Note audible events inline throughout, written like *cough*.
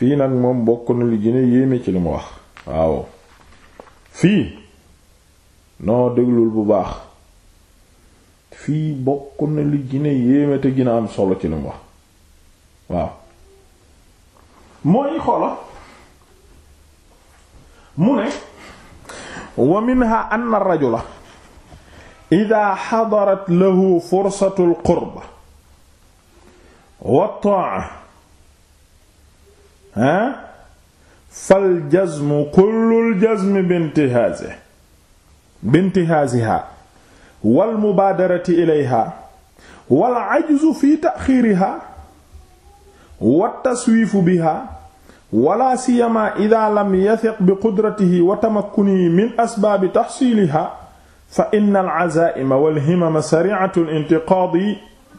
fii nag moom bokk na li gën yéeme ci li mu wax waaw fii noo déglul bu baax fii bokk na li gën yéeme te gën a am solo ci li mu wax waaw mooy xoola mu ne wa minha anna rajula ida xadarat lahu fursatu al qurba wa ta'a ah fal jazmu kullul jazmi bintihaasi bintihaasiha wal mubaadarati ilayha wal ajzu fi taxiiriha wa taswiifu biha wala siyama ida lam yathiq bi qudratihi wa tamakkunihi min asbaabi taxsiiliha fa inna al azaa'ima wal himama sari'atu al intiqaadi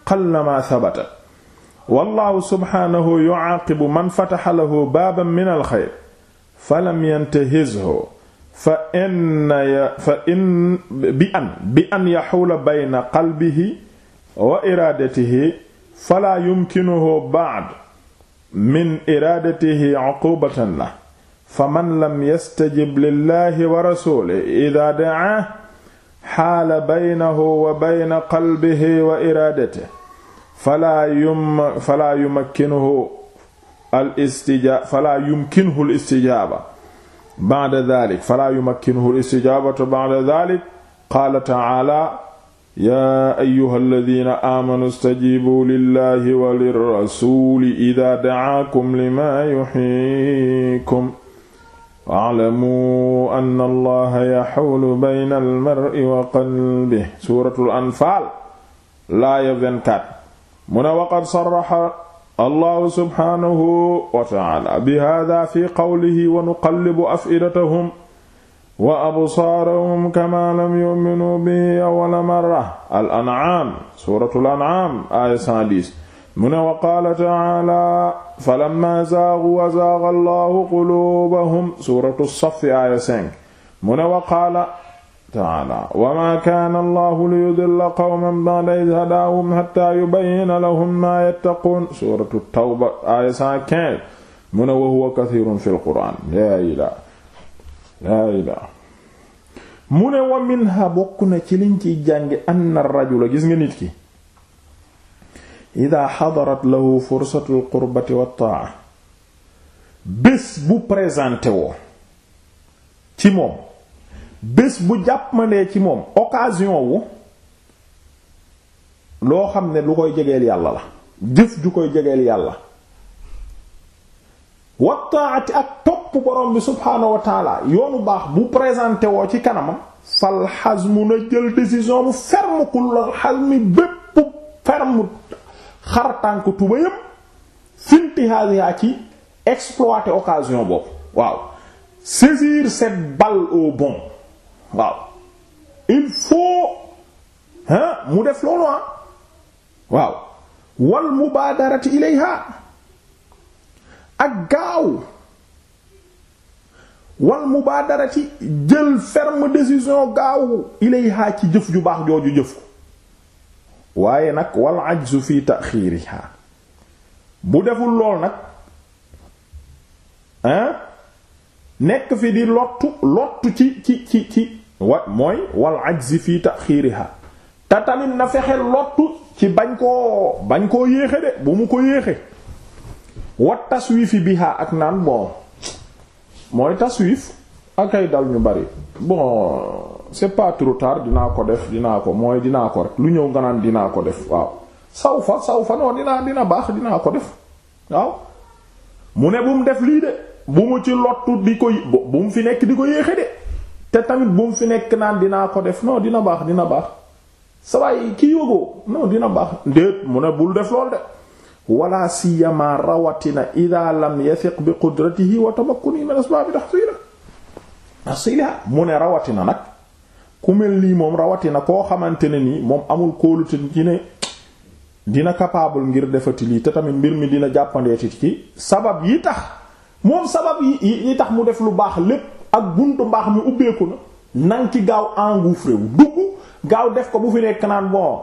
qallama thabatat wallahu subhaanahu yucaaqibu man fataxa lahu baaban min alxeyr falam yantahizhu fa inna fa in bi an bi an yaxuula bayna qalbihi wa iraadatihi falaa yumkinuhu bacd min iraadatihi cuqubatan la fa man lam yastajib lillahi wa rasuulihi idaa dacaahu xaala baynahu wa bayna qalbihi wa iraadatihi falaa yum falaa yumakkinuhu al istijaa falaa yumkinuhu al istijaaba ba'da dhalik falaa yumakkinuhu al istijaabatu ba'da dhalik qaala ta'aala yaa ayyuhal ladhiina aamanu stajiibu lillahi wa lirrasuuli idhaa da'aakum limaa yuhyiikum wa'lamuu anna allaha yaxuulu bayna al mar'i wa qalbihi suuratul anfaal laaya 24 mu ne waqad sarraxa allahu subhaanahu wa taala bi hada fi qawlihi wa nuqallibu afidatahum wa absaarahum kama lam yu'minuu bihi awwala marra al an'aam suuratul an'aam aaya 110 mu ne wa qaala taala falammaa zaaguu wa zaaga allahu quluubahum suuratu saffi aaya 5 mu ne wa qaala taala wama kaana allahu li yudilla qawman ba'da idh hadaahum hatta yubayyina lahum ma yattaquun suratu tawba aya 115 mu wa huwa kathirun fil qur'an laa ilaa laa wa minha bokk ci liñ ciy jàngi anna rajula gis nga nit ki ida lahu fursatu lqurbati wattaa bés bu présenté woo bés bu jàppandee ci moom occasion wu loo xam ne lu koy jegeel yàlla la jëf ju koy jegeel yàlla wattaati ak topp borom bi subhaanahu wa yoonu baax bu présenté woo ci kanamam fal xasmu na jël décision bu ferme kullal xasmi bépp ferme xar tànk tubayam fintihaasiha ci exploiter occasion boobu waaw saisir cette balle au bon waaw il faut hein mu def loolu ah waaw wal mubaadarati ilayha ak gaaw wal mubaadarati jël ferme décision gaaw ilayha ci jëf ju baax jooju jëf ko waaye nag wal ajzu fi taxiiriha bu deful lool nag hein nekk fi di lottu lottu ci ci ci ci wa mooy wal ajzi fii taxiiriha te tamit na fexe lottu ci bañ koo bañ koo yéexe de bu mu ko yéexe wa taswiifi biha ak naan bon mooy taswiif akay dal ñu bari bon c'est pas trop tard dinaa ko def dinaa ko mooy dinaa ko rek lu ñëw nga naan dinaa ko def waaw saw fa saw fa non dinaa dina baax dinaa ko def waaw mu ne bu mu def lii de bu mu ci lottu di ko bu mu fi nekk di ko yéexe de te tamit bu mu fi nekk naan dinaa ko def non dina baax dina baax sawaay ki dina baax déet mu ne bul def lool de wala siyama rawatina ida lam yathiq bi qudratihi wa tamakkuni min asbaabi tahsila tahsila mu ne rawatina nag ku mel nii moom rawatina koo xamante ne nii moom amul kóolute ci ne dina capable ngir defati lii te tamit mbir mi dina jàppandeeti ci sabab yi tax moom sabab yi yi tax mu def lu baax lépp ak buntu mbaax mi ubbeeku na nang ci gaaw engouffré wu dugg gaaw def ko bu fi nekk naan bon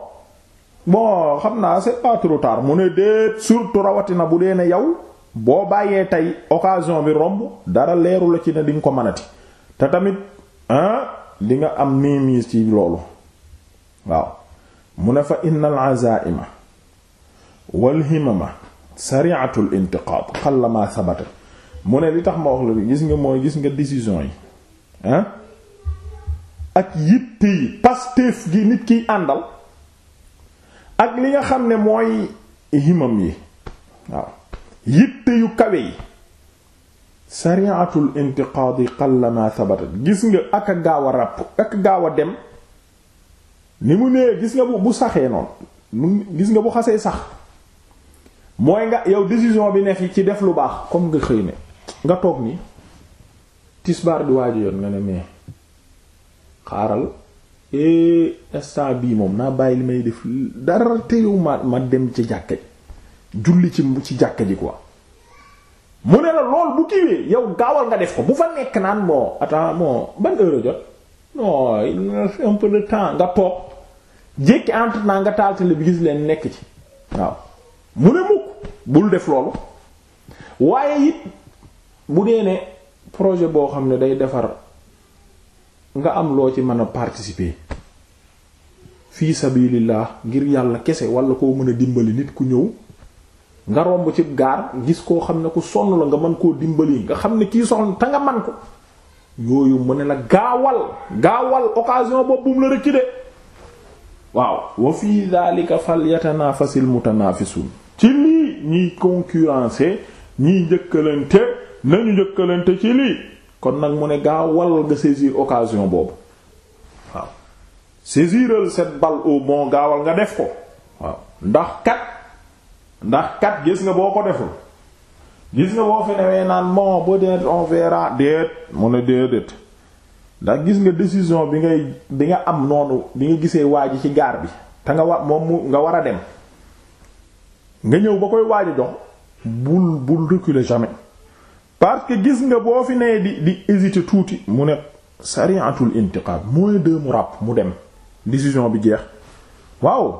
bon xam naa c'est pas trop mu ne déet surtout rawatina bu dee ne yow boo bàyyee tey occasion bi romb dara leeru la ci ne di nga ko mënati te tamit ah di nga am niimis ci loolu waaw mu ne fa innal azaima wal himama sari'atul intiqad qallama sabata mu ne li tax ma wax la gis nga mooy gis nga décision yi ah ak yitte yi pastéef gi nit kiy àndal ak li nga xam ne mooy himam yi waaw yitte yu kawe yi sariatul intiqaadi qalla ma thabatat gis nga ak gaaw a ràpp ak gaaw a dem ni mu nee gis nga bu saxee noonu gis nga bu xasee sax mooy nga yow décision bi ne fi ci def lu baax comme nga xëy ne nga toog nii tisbaar di waajo yoon nga ne mais xaaral eh, instant bii moom naa bàyyi li may def dara teewu ma ma dem ci jàkka ji julli ci ci jàkka ji quoi mu ne la lool bu kiiwee yow gaawal nga def ko bu fa nekk naan moo attends moo ban heure jot non il reste un de temps nga toog jékki entre temps nga taal télé bi gis leen nekk ci waaw mu ne mukk bul def loolu waaye it bu dee ne projet boo xam ne day defar nga am loo ci mën a participer fii sabilillah ngir yàlla kese walla koo mën a dimbali nit ku ñëw nga romb ci gaar gis koo xam ne ku sonn la nga mën koo dimbali nga xam ne kii soxla te nga man ko yooyu mu ne la gaawal gaawal occasion boobu mu la rëcc de waaw wa fii daalika fal yatanaafasil mutanaafisun ci lii ñiy concurrencer ñiy njëkkalante nañu njëkkalante ci lii kon nag mu ne gaawal nga saisir occasion boobu waaw saisiral cette balle au bond gaawal nga def ko waaw ndax kat ndax kat gis nga boo ko deful gis nga boo fi newee naan bon ba déet on verra déet mu ne déedéet ndax gis nga décision bi ngay bi nga am noonu bi nga gisee waa ji ci gaar bi te nga wa moom mu nga war a dem nga ñëw ba koy waaj a bul bul reculer jamais. parce que gis nga boo fi nee di di hésiter tuuti mu ne sariatul intiqam mooy deux mu ràpp mu dem décision bi jeex waaw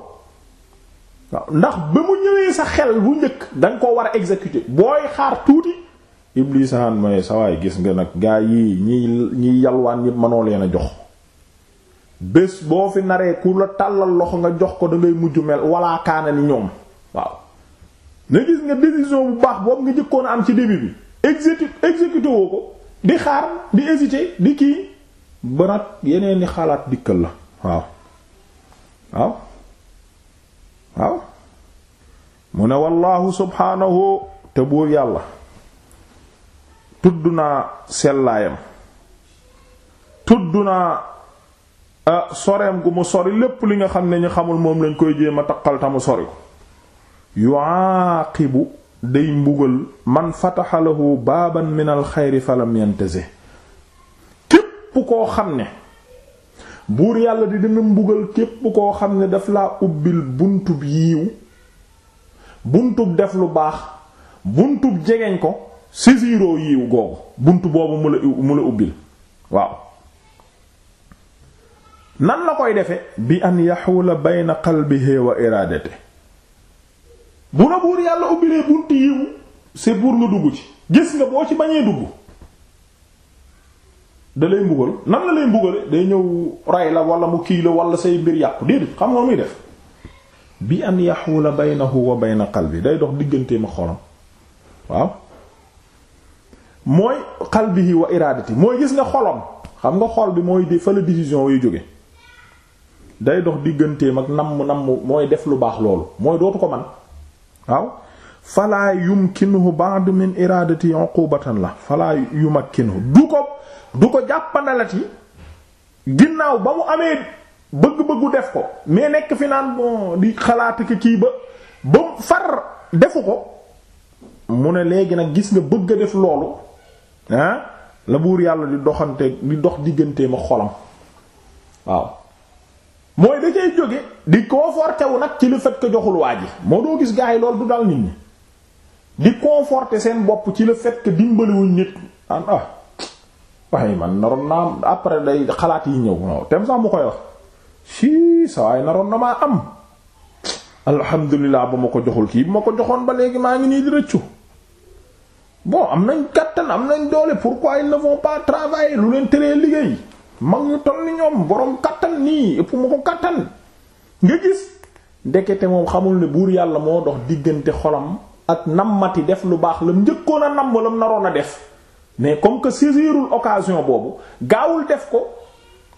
waaw ndax ba mu ñëwee sa xel bu njëkk danga ko war a executé booy xaar tuuti iblisan ma ne sawaay gis nga nag gaa yi ñiy ñiy yalwaan yépp mënoo leen a jox bés boo fi naree ku la tàllal loxo nga jox ko da ngay mujj mel walaakaana ni ñoom waaw na gis nga décision bu baax boobu nga jëkkoon a am ci début bi exécute exécuté woo ko di xaar di hésiter di kii ba nag yeneen i xalaat dikkal la waaw waaw waaw mu ne wallaahu subhaanahu te buur yàlla tudd naa sellaayam tudd naa soreem gu mu sori lépp li nga xam ne ñu xamul moom lañ koy jéem a taqal tamu sori ko yuaqibu day mbugal man fataxa lahu baaban min alxeyri falam si képp koo xam ne buur yàlla di dina mbugal képp koo xam ne daf laa ubbil buntub yiiw buntub def lu baax buntub jegeñ ko sisiiroo yiw googu bunt boobu mu la ubbil waaw nan la koy defe bi an yaxuula bayna qalbihi wa iraadatihi bu na buur yàlla ubbilee bunti yiw c'est pour nga dugg ci gis nga boo ci bañee dugg da lay mbugal nan la lay mbugale day ñëw ray la wala mu kii la wala say mbir yàqu déedéet xam nga muy def bi an yaxuula baynahu wa bayna qalbi day dox digganteem ak xolam waaw mooy xal qalbihi wa iradati mooy gis nga xolom xam nga xol bi mooy di fa la décision way jóge day dox digganteem ak namm namm mooy def lu baax loolu mooy dootu ko man waaw falaa yumkinuhu ba'd min iradati uqubatan la falaa yumkinuhu du ko du ko jàppandalati ginnaaw ba mu amee bëgg-bëggu def ko mais nekk fi naan bon di xalaat ki kii ba ba far defu ko mu ne léegi nag gis nga bëgg a def loolu ah la buur yàlla di doxante di dox diggantee ma xolam waaw mooy da cay jóge di conforté wu nag ci le fait que joxul waa ji moo doo gis gars yi loolu du dal nit ñi di conforté seen bopp ci la fait que dimbaliwuñ nit an ah, ah waaye man naroon naa après day xalaat yi ñëw non tem sax mu koy wax si sa waaye naroon na maa am alhamdulilah ba ma ko joxul kii ba ma ko joxoon ba léegi maa ngi nii di rëccu bon am nañ kattan am nañ doole pourquoi ils ne vont pas travailler lu leen teree liggéey mag ñu toll ni ñoom boroom kattan nii ëpp ma ko kattan nga gis ndekete moom xamul ne buur yàlla moo dox diggante xolam ak nammati def lu baax lam njëkkoon a namm lam naroon a def mais comme que saisirul occasion boobu gaawul def ko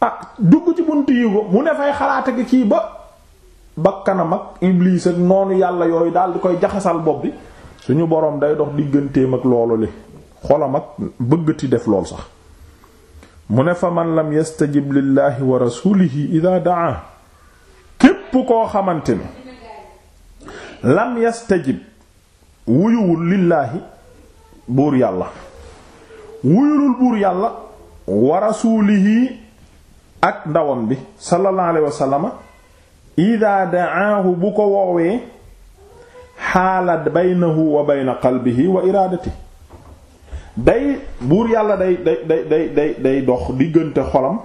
ah dugg ci bunt yi ko mu ne fay xalaat ak kii ba bakkanam ak iblis ak noonu yàlla yooyu daal di koy jaxasal bopp bi suñu boroom day dox digganteem ak loolu li xolam ak bëggati def lool sax mu ne fa man lam yastajib lillahi wa rasulihi da daa képp koo xamante ne lam yastajib wuyuwul lillaahi buur yàlla wuyulul buur yàlla wa rasulihi ak ndawam bi sallallahu alayhi wa sallama ida daahu bu ko woowee xaala baynahu wa bayna qalbihi wa iraadatihi day buur yàlla day day day dox diggante xolam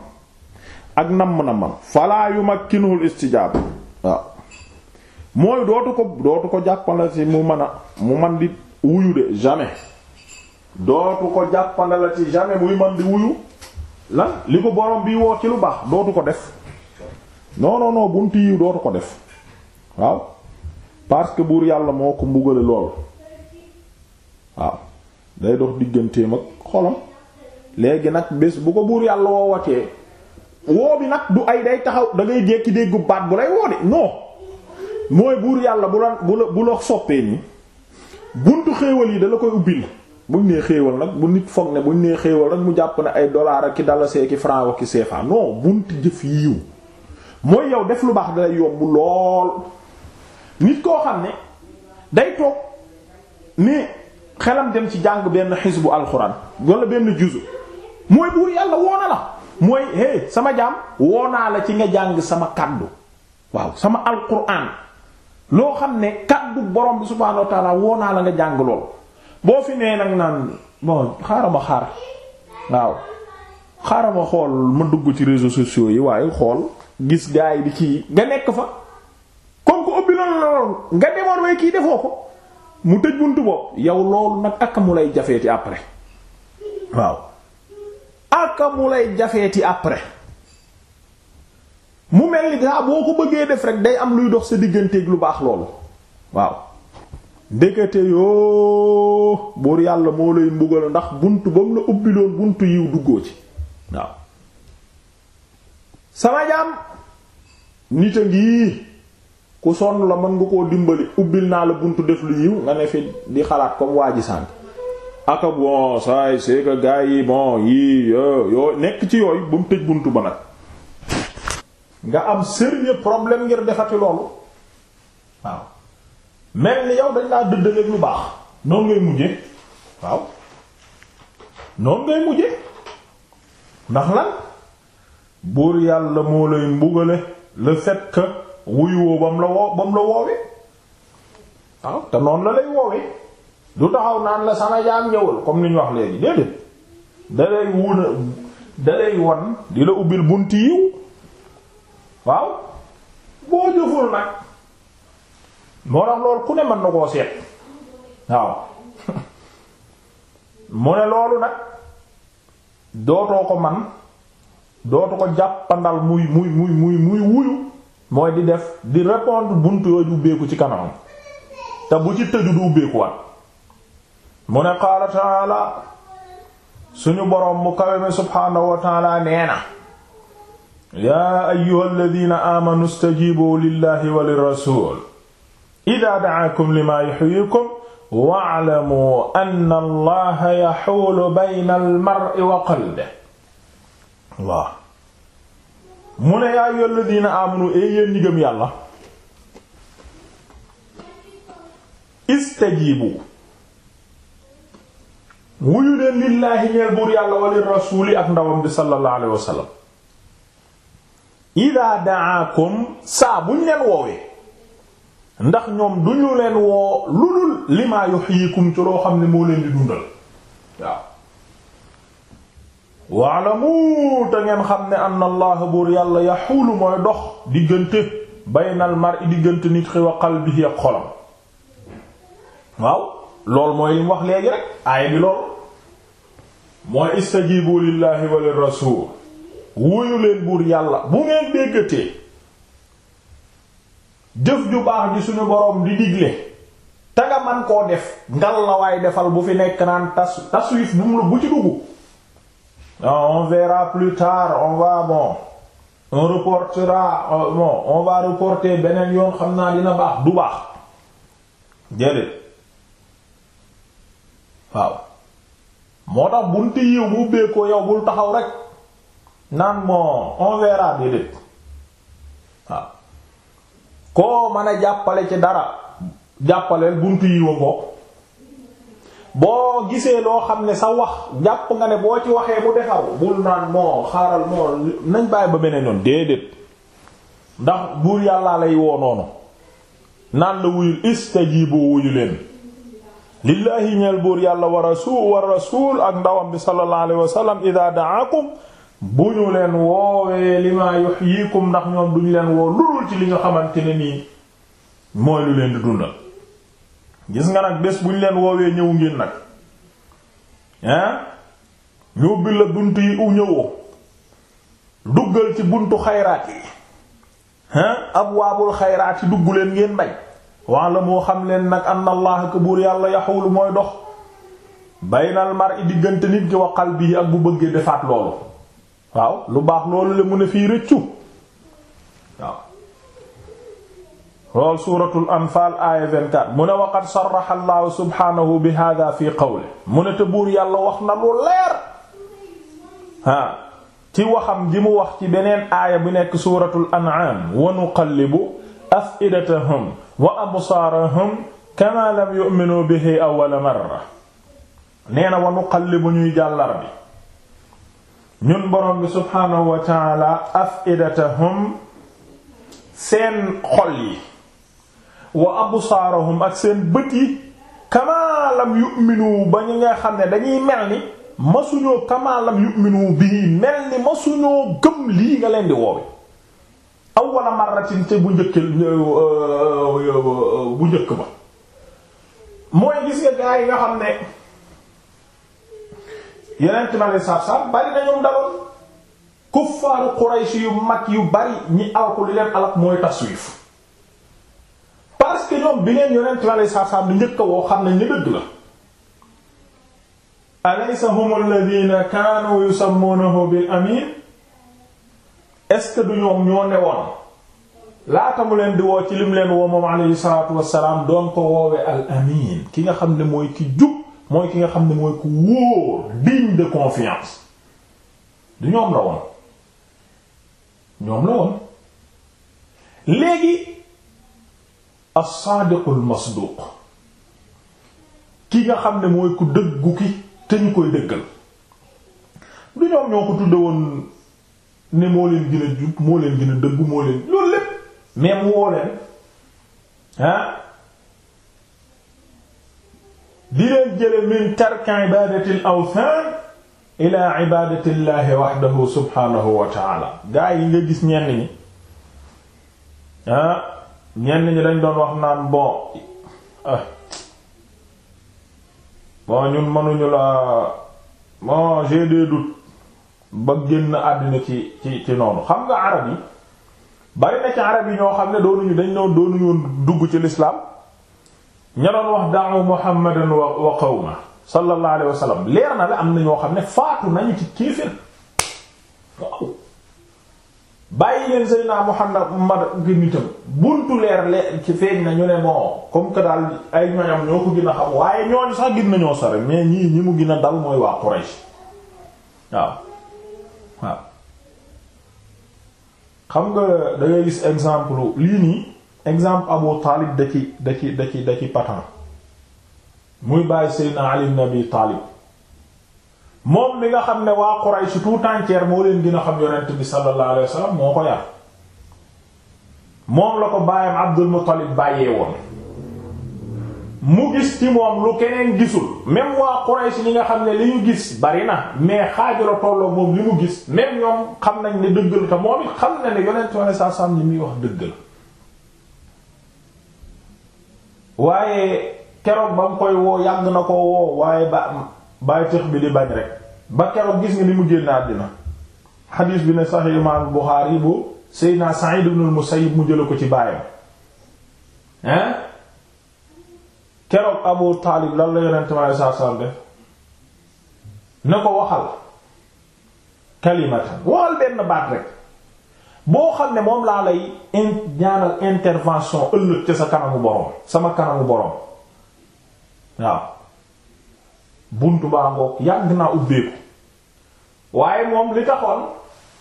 ak namm na man falaa yumakkinuhul istijaaba waaw mooy dootu ko dootu ko jàppale ci mu mën a mu man di wuyu de jamais dootu ko jàppale la ci jamais muy man di wuyu li ko borom bi woo ci lu baax dootu ko def non non yi dootu ko def waaw parce que buur yàlla moo ko mbugale lool waaw day dox digganteem ak xolam léegi nag bés bu ko buur yàlla woo woowatee woo bi nag du ay day taxaw dangay ngay jékki déggu baat bu lay woo de non mooy buur yàlla bu la bu la soppee ni buntu xéewal yi dala koy bu buñ nee xéewal nag bu nit foog ne buñ nee xéewal rek mu jàpp ne ay dollar ak ki dalasee ki franc ak ki CFA non bunt jëf yiw mooy yow def lu baax dalay yomb lool nit koo xam ne day toog ne xelam dem ci jàng benn xisbu alxuraan wala benn juzu mooy buur yàlla woona la mooy hey sama jaam woonaa la ci nga jàng sama kaddu waaw sama alxuraan loo xam ne kaddu boroom bi subhaanahu wa taala woonaa la nga jàng lool boo fi nee nag naan bon xaaral ma xaar waaw xaaral ma xool ma dugg ci réseaux sociaux yi waaye xool gis gaay bi ci nga nekk fa comme ko ubbi loolu la lool nga demoon way kii defoo ko. mu tëj buntu bopp yow loolu nag ak mu lay jafeeti après waaw ak mu lay jafeeti après mu mel ni daa boo ko bëggee def rek day am luy dox sa digganteeg lu baax loolu waaw ndekete yoo buur yàlla moo lay mbugal ndax bunt ba mu la ubbiloon buntu yiw duggoo ci waaw sama jaam nit a ngi ku sonn la mën nga koo dimbali ubbil naa la buntu def lu yiw nga ne fi di xalaat comme waa ji sànk aka bon saay c'est que yi bon yii yoo nekk ci yooyu ba mu tëj buntu ba nag nga am sérieux problème ngir defati loolu waaw mel ni yow dañ laa dëddaleeg lu baax noonu ngay mujje waaw noonu ngay mujje ndax lan buur yàlla moo lay mbugale le fait wuyu woo ba mu la woo ba mu la woowee te noonu la lay woowee du taxaw naan la sama jaam ñëwal comme ni ñu wax léegi déedéet da wun a da lay wan di la ubbil bunt yiw waaw boo jëful nag moo tax loolu ku ne mën na koo seet waaw *laughs* mu ne loolu nag dootoo ko man dootu ko jàppandal muy muy muy muy muy wuyu mooy di def di répondre buntu yooyu ubbeeku ci kanamam te bu ci tëju du ubbeeku wat mu ne qaala taala suñu boroom mu kawe subhaanahu wa taala nee na yaa ayyuha alladina aamanu wa lirrasul ida daakum lima yuxyikum wa'lamu anna allaha yaxuulu bayna almar'i wa qalbihi mu ne yaa ayyuhal ladina amanu e yéen yàlla istajibu wuyu leen lillaahi ñeel buur yàlla wali rasuuli ak ndawam bi sallallahu alayhi wa sallam ida daakum saa leen woowee ndax ñoom duñu leen woo lulul limaa yuhyikum ci loo xam ne moo leen di dundal waalamu te ngeen xam ne anna allah buur yàlla ya yaxuulu mooy dox diggante baynal mar'i diggante nit xi wa qalbihi ak xolam waaw loolu mooy li wax léegi rek aaya bi loolu mooy istajibu lillahi wa lirrasul wuyu leen buur yàlla bu ngeen déggatee jëf ju baax di suñu boroom di digle te nga man koo def ngal la waay defal bu fi nekk naan tas taswif bu mu la bu ci duggu Ah, on verra plus tard on va bon reportera euh, bon on reporter beneen yoon xam naa dina baax du baax jëlee waaw moo tax bunti yiw bu ubbee yow bul taxaw rek naan bon on déedéet waaw koo mën a jàppale ci dara jàppaleel buntu yiw ko boo gisee loo xam ne sa wax jàpp nga ne boo ci waxee mu defar bul naan moo xaaral moo nañ bàyyi ba beneen yoon déedéet ndax buur yàllaa lay woo noonu naan la wuyul istajibu wuyu leen lillaahi ñeel buur yàlla wa rasul ak ndawam bi sallallahu alayhi wa sallam ida daakum bu ñu leen woowee lima yuhyikum ndax ñoom duñu leen woo lulul ci li nga xamante ne nii mooy lu leen di dundal gis nga nag bés bu ñu leen woowee ñëw ngeen nag hein ñu ubbi la bunt yi u ñëwoo duggal ci buntu xayraat yi hein abwaabul xayraat yi dugg leen ngeen bañ waa la moo xam leen nag anna allah buur yàlla yaxuwul mooy dox baynal mar'i diggante nit ki wa qalbi ak bu bëggee defaat loolu waaw lu baax loolu la ne fii rëccu lool suuratul anfaal aaya 24 mu ne waqad sarraxa allahu subhaanahu bi hada fi qawle mu te buur yàlla wax na lu leer ah waxam ji mu wax ci beneen aaya bu nekk suuratul an'aam wa nuqallibu afidatahum wa absaarahum kama lam yu'minu bihi awwala marra nee na wa nuqallibu ñuy jàllar bi ñun borom bi wa taala afidatahum seen xol wa absaarahum ak seen bët yi kamaa yu'minu ba ñu nga xam ne dañuy mel ni masuñoo kamaa lam yu'minu bii mel ni masuñoo gëm lii nga leen di woowe awwala marratin te bu njëkk euh, bu njëkk ba mooy gis nga gaa yi nga xam ne yeneen ci ma leen saab bari na ñoom daloon kuffaaru Quraysh yu mag yu bari ñi alku li leen alak mooy taswif ñoom bi leen yonent la lay sarsam di njëkk woo xam nañ ne dëgg la alaysa hum alladhina kaanu yusammunahu bil amin est-ce que du ñoom ñoo newoon laata mu leen di woo ci lim leen woo moom doon ko woowe al ki nga xam ne mooy ki jub mooy ki nga xam ne mooy ku wóor digne de confiance du ñoom la woon ñoom la woon léegi as-saadiqul masduuq ki nga xam ne mooy ku dëggu ki te ñu koy dëggal du ñoom ñoo ko tudde woon ne moo leen gën a jub moo leen gën dëggu moo leen loolu lépp même woo leen ah di leen jële min tarki ibadatil awthan ila ibadatillahi wahdahu gaa yi nga gis ñenn ñi ah ñenn ñi dañ doon wax naan bon ah, bon ñun mënuñu la bon j'ai des doutes ba génn àddina ci ci ci noonu xam nga arab yi bari na arab yi ñoo xam ne doonuñu dañ doon doonuñu dugg ci lislaam ña wax da'u muhammadan wa qawma sallallahu alayhi wa sallam leer na la am na ñoo xam ne faatu nañu ci kéefër bàyyi leen Seydina Muhammad gi nitam buntu leer leer ci feeñ na ñu ne moo comme que daal ay ñoñam ñoo ko gën a xam waaye ñooñu sax gën nañoo sore mais ñii ñi mu gin a dal mooy wax Quraysh waaw waaw xam nga da gis exemple lii nii exemple Abu Talib da ci da ci da ci da ci patan muy bàyyi Seydina Ali ibn Abi moom li nga xam ne waa Quraysh tout entière moo leen gën a xam yonent bi sallallahu alayhi moo ko yar moom la ko baayam Abdul Muttalib bàyyee woon mu gis ci moom lu keneen gisul même waa Quraysh li nga xam ne li ñu gis bari na mais xaaju la tolloo moom li mu gis même ñoom xam nañ ne dëgg la te moom xam na ne yonent bi sallallahu alayhi li muy wax dëgg la waaye keroog ba mu koy woo yàgg na koo woo waaye ba bàyyi tëx bi di bañ rek ba keroog gis nga ni mu génn àddina xadiis bi ne sax imaam Buxaari bu Seydina Sa'id ibn al-Musayyib mu jële ko ci baayam hein keroog Abu Taalib lan la yonent ma saa saa def na ko waxal kalimatan waxal benn baat rek boo xam ne moom laa lay ñaanal intervention ëllëg ca sa kanamu borom sama kanamu borom waaw buntu baa ngoog yàgg naa ubbeeku waaye moom li taxoon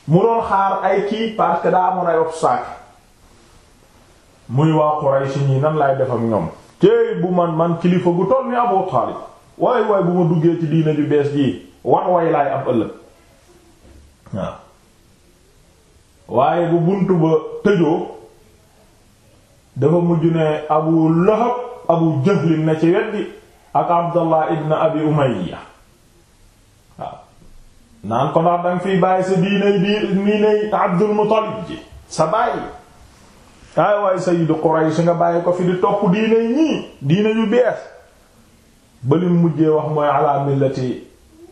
mu doon xaar ay kii parce daa amoon ay obstacle muy waa Quraysh ñi nan laay def ñoom tey bu man man kilifa gu toll ni Abu Talib waay waay bu ma duggee ci diina ju bees jii wan laay am ëllëg waaye bu bunt ba tëjoo dafa mujj ne Abu Lahab Abu Jahl na ci wet ak abdallah ibn abi umayya waaw naan ko ndax danga fiy bàyyi sa diinay bii nii nay abdul muttalib ji sa bàyyi ay waaye sayyidu quraysh nga bàyyi ko fi di topp diine ñii diine yu bees ba mujjee wax mooy ala millati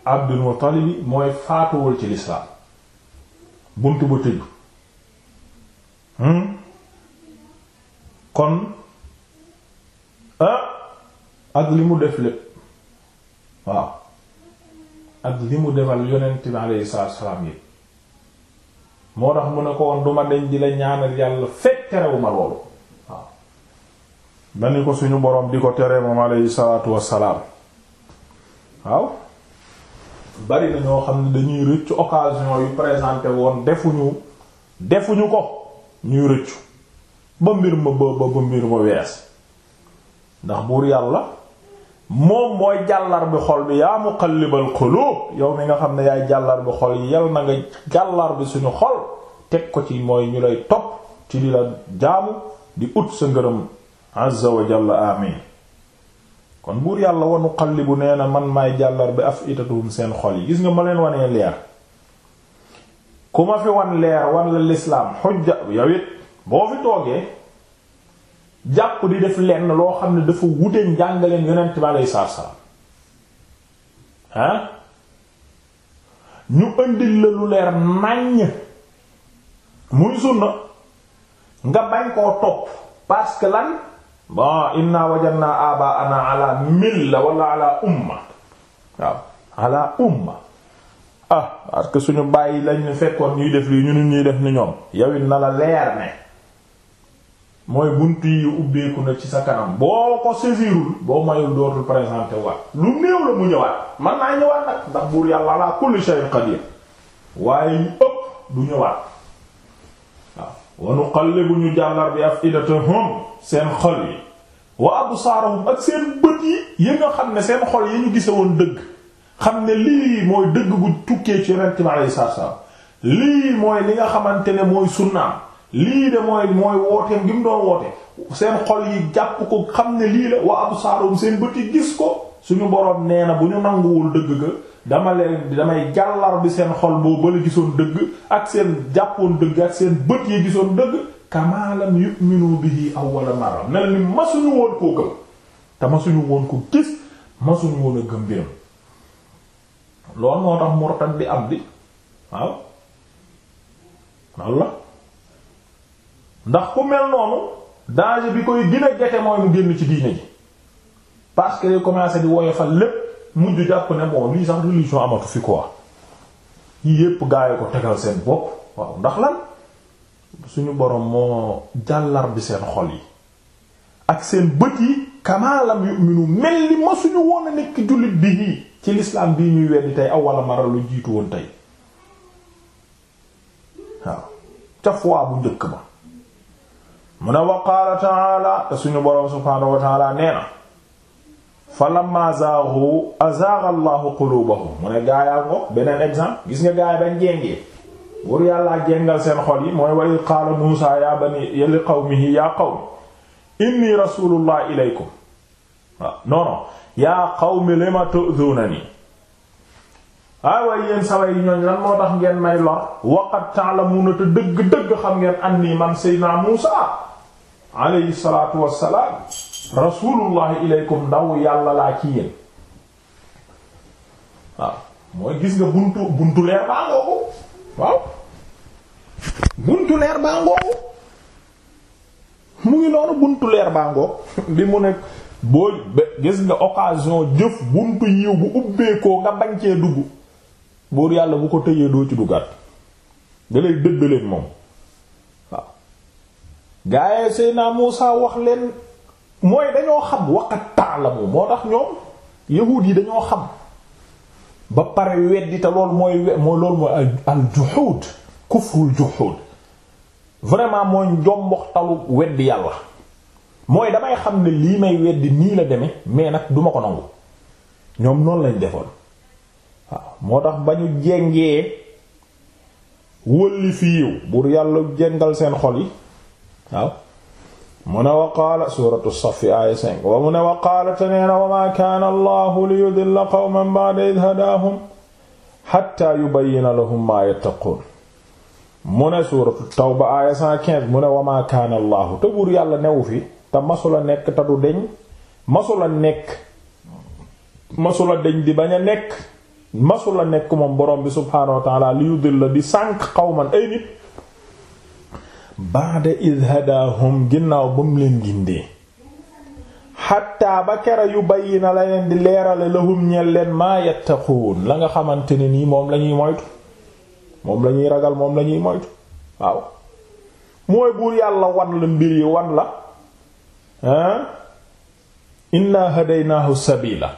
abdul muttalib mooy faatuwul ci lislaam bunt ba tëju hmm? kon ah ak li mu def lépp waaw ak li mu defal yonent salaam yi moo tax mu ne ko woon duma deñ di la ñaanal yàlla fekk terewuma loolu waaw ba ko suñu boroom di ko tere moom alayhi salaatu wassalaam waaw bari ñoo xam ne dañuy rëccu occasion yu présenté woon defuñu defuñu ko ñuy rëccu ba mbir ma ba ba mbir ma wees ndax buur yàlla moom mooy jàllar bi xol bi yaa muqallibal qulub yow mi nga xam ne yaay jàllar bi xol yi yal na nga jàllar suñu xol teg ko ci mooy ñu lay topp ci di la jaamu di ut sa ngërëm azza wa kon buur yàlla wa nuqallibu nee na man maay jàllar bi af'idatuhum seen xol yi gis nga ma leen wanee leer ku ma fi wan leer wan la lislaam xujja yow it boo fi toogee jàpp di def lenn loo xam ne dafa wuteek njàngaleen yonent bi aleyhi salaatu salaam ñu indil la lu leer nàññ muy sunna nga bañ koo topp parce que lan bon inna wajanna aba ana ala milla wala ala umma waaw ala umma ah parce suñu bàyyi lañ fekkoon ñuy def lii ñu nit ñuy def ni ñoom yawit na la leer ne mooy bunt yi ubbeeku na ci sa kanam boo ko saisirul boo mayul dootul présenté waat lu néew la mu ñëwaat man naa ñëwaat nag ndax buur yàlla laa kulli shay'in qadir waaye yu ëpp du ñëwaat waaw wa ñu jàllar bi afidatahum seen xol yi wa absaarahum ak seen bët yi yi nga xam ne seen xol yi ñu gise woon dëgg xam ne lii mooy dëgg gu tukkee ci yonent bi alayhi salaam lii mooy li nga xamante ne mooy sunnaam lii de mooy mooy wooteem gi mu doon woote seen xol yi jàpp ko xam ne lii la wa absaarum seen bët yi gis ko suñu boroom nee na bu ñu nanguwul dëgg ga dama leen damay jàllar bi seen xol boo bala gisoon dëgg ak seen jàppoon dëgg ak seen bët yi gisoon dëgg kamaalam yu'minu bihi awwala marra mel ni suñu woon koo gëm te masuñu woon ko gis masuñu woon a gëm biram loolu moo tax murtad bi am bi waaw walla ndax ku mel noonu danger bi koy gën a gete mooy mu génn ci diine ji parce que day commencé di woyofal lépp mujj jàpp ne bon lii sax religion amatu fi quoi yii yépp gaa yi ko tegal seen bopp waaw ndax lan suñu boroom moo jàllar bi seen xol yi ak seen bët yi kamaalam yu'minu mel ni ma suñu woon nekk jullit bi ci l'islam bii ñuy weddi tey awwala mara lu jiitu woon tey waaw ca fois bu njëkk ba mu ne wa qaala taala te suñu boroom subhaanahu wa taala nee na fa lamma zaagu azaaga allahu quluubahum mu ne gaayaal ngo beneen exemple gis nga gaay bañ jéngee buur yàllaa jéngal seen xol yi mooy wa iz qaala muusa yaa bani li qawmihi yaa qawmi inni rasulullah ilaykum waaw non yaa qawmi lima tu'dhunani ah waaye yéen saa yi ñooñ lan moo tax ngeen may lor waqad ta'lamuna te dëgg-dëgg xam ngeen anni man sayyidina Muusa alayhi salaatu wassalaam rasulullahi ilaykum ndaw yàlla laa ci yéen waaw mooy gis nga buntu buntu leer baa ngoogu waaw buntu leer baa ngoogu mu ngi noonu buntu leer baa ngoogu *laughs* bi mu nekk boo gis nga occasion jëf buntu yiw bu ubbeekoo nga bañ cee dugg buur yàlla bu ko tëyee doo ci duggaat da lay dëddaleek moom gaayee Seydina Muusa wax leen mooy dañoo xam waqat ta'lamu moo tax ñoom yahuud yi dañoo xam ba pare weddi te loolu mooy loolu mooy al juhuud kufrul juhuud vraiment mooy njomboxtalu weddi yàlla mooy damay xam ne lii may weddi nii la demee mais nag duma ko nangu ñoom noonu lañ defoon moo tax ba ñu jengee wólli fi yiw buur yàlla jengal seen xol yi waaw mu ne wa qaala suratu safi aaya 5 wa mu ne wa te nee wa maa kaana allahu li yudilla qawman ba'da id hadaahum xatta yubayyina lahum maa yattaquun mu ne suratu tawba aaya 115 mu ne wa maa kaana allahu te buur yàlla newu fi te masula nekk te du deñ masula nekk masula deñ di bañ a nekk masula nekk moom borom bi subhaanahu wa ta'aala li yudilla di sànq qawman ay nit ba'da is hadaahum ginnaaw ba mu leen gindee xattaa ba kera yu bayyina la leen di leerale lahum ñel leen maa yattaquun la nga xamante ne nii moom lañuy moytu moom lañuy ragal moom lañuy moytu waaw mooy buur yàlla wan la mbir yi wan la ah inna hadaynaahu sabila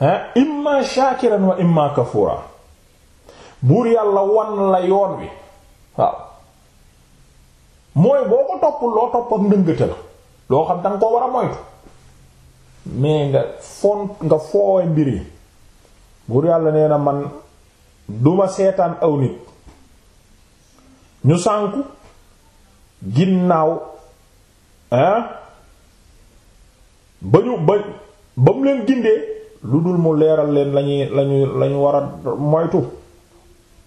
ah imma shaakiran wa imma kafura buur yàlla wan la yoon wi waaw mooy boo ko toppul loo topp ak ndëngate la loo xam danga koo war a moytu mais nga fon nga foowe mbir yi buur yàlla nee man duma seetaan aw nit ñu sànku ginnaaw hein ba ñu ba ba mu leen gindee lu dul mu leeral leen lañuy lañuy lañu war moytu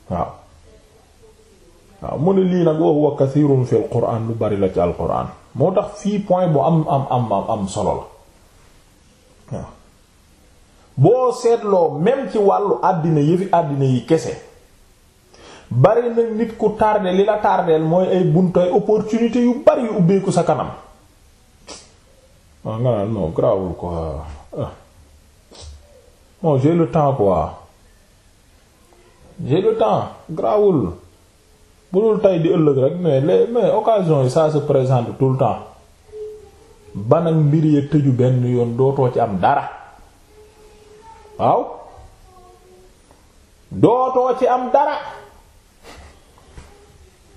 waaw waaw mu ne lii nag wa huwa kathirun fi al quran lu bari la ci al quran moo tax fii point bu am am am am solo la waaw boo seetloo même ci wàllu àddina yëfi àddina yi kese bari na nit ku tardé li la tardeel mooy ay buntoy opportunité yu bari yu ubbeeku sa kanam waaw ah, nga naan non grawul quoi bon ah. j'ai le temps grawul bu dul tey di ëllëg rek mais les occasion yi ça se présente tout le temps ba nag mbir yi tëju benn yoon dootoo ci am dara waaw dootoo ci am dara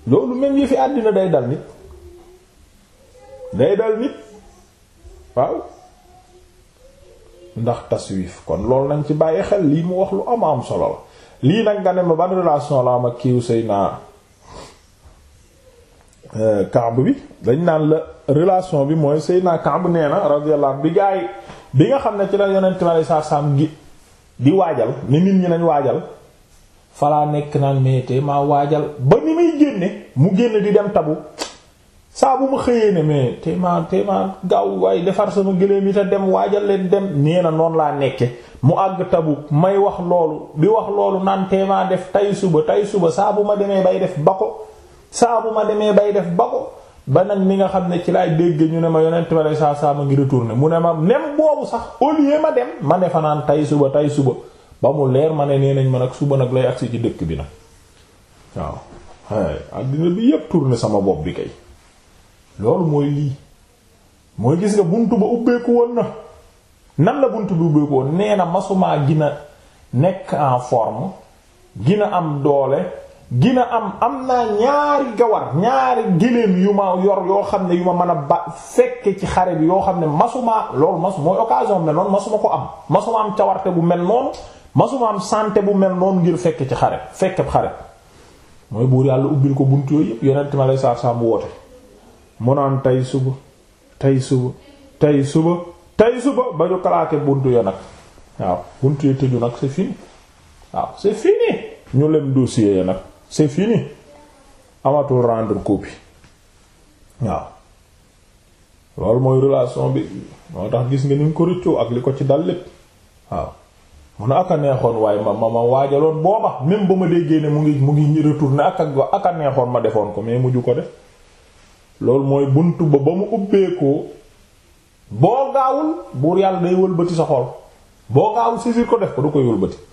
loolu même yi fi àddina day dal nit day dal nit waaw ndax taswif kon loolu nañ ci bàyyi xel lii mu wax lu am am solo la lii nag nga ne ma ban relation la am ak kiiw sëy naa Euh, Kaab bi dañ naan la relation bi mooy Seydina Kaab nee na radiyallahu anhu bi gaa yi bi nga xam ne ci la yonent ma lay saa saam gi waajal ni ñi nañ waajal falaa nekk naan mais te waajal ba ni muy mu génn di dem tabu saa bu ma xëyee ne mais te maa gaaw waaye defar sama gëléem yi te dem waajal leen dem nee na noonu laa nekke mu àgg tabu may wax loolu bi wax loolu naan te def tay suba tay suba saabu ma demee bay def ba ko saa bu ma demee bay def ba ko ba nag ni nga xam ne ci laay dégg ñu ne ma yonent ma lay saa saa ma ngi retourné mu ne ma même boobu sax au lieu ma dem ma ne fanaan naan tay suba tay suba ba mu leer ma ne nee nañ ma nag suba nag lay agsi ci dëkk bi nag waaw ay àddina bi yépp tourné sama bopp bi kay loolu mooy lii mooy gis nga bunt ba ubbeeku woon na nan la bunt bi ubbeeku woon nee na masumaa gina nekk en forme gina am doole gina am am naa ñaari gawar ñaari géléem yu ma yor yoo xam ne yu ma mën a ba fekke ci xare bi yoo xam ne masuma loolu masu mooy occasion mel noonu masuma ko am masuma am cawarte bu mel noonu masuma am santé bu mel noonu ngir fekke ci xare fekke xare mooy buur yàlla ubbil ko bunt yooyu yëpp yonent ma lay saar saa mu woote mu naan tey suba tey suba tey suba tey suba ba ñu kalaate bunt yo nag waaw bunt yo tëju nag c'est fini waaw c'est fini ñu lem dossier ya nag c'est fini amatul rendre copie waaw loolu mooy relation bi moo tax gis nga ni mu ko rëccoo ak li ko ci dal lépp waaw mun a aka neexoon waaye ma ma waajaloon booba même ba ma déggee ne mu ngi mu ngi retourné ak ak a neexoon ma defoon ko mais mujju ko def loolu mooy bunt ba ba mu ubbeekoo boo gaawul buur yàlla day wëlbati sa xol boo gaawul saisir ko def ko du koy wëlbati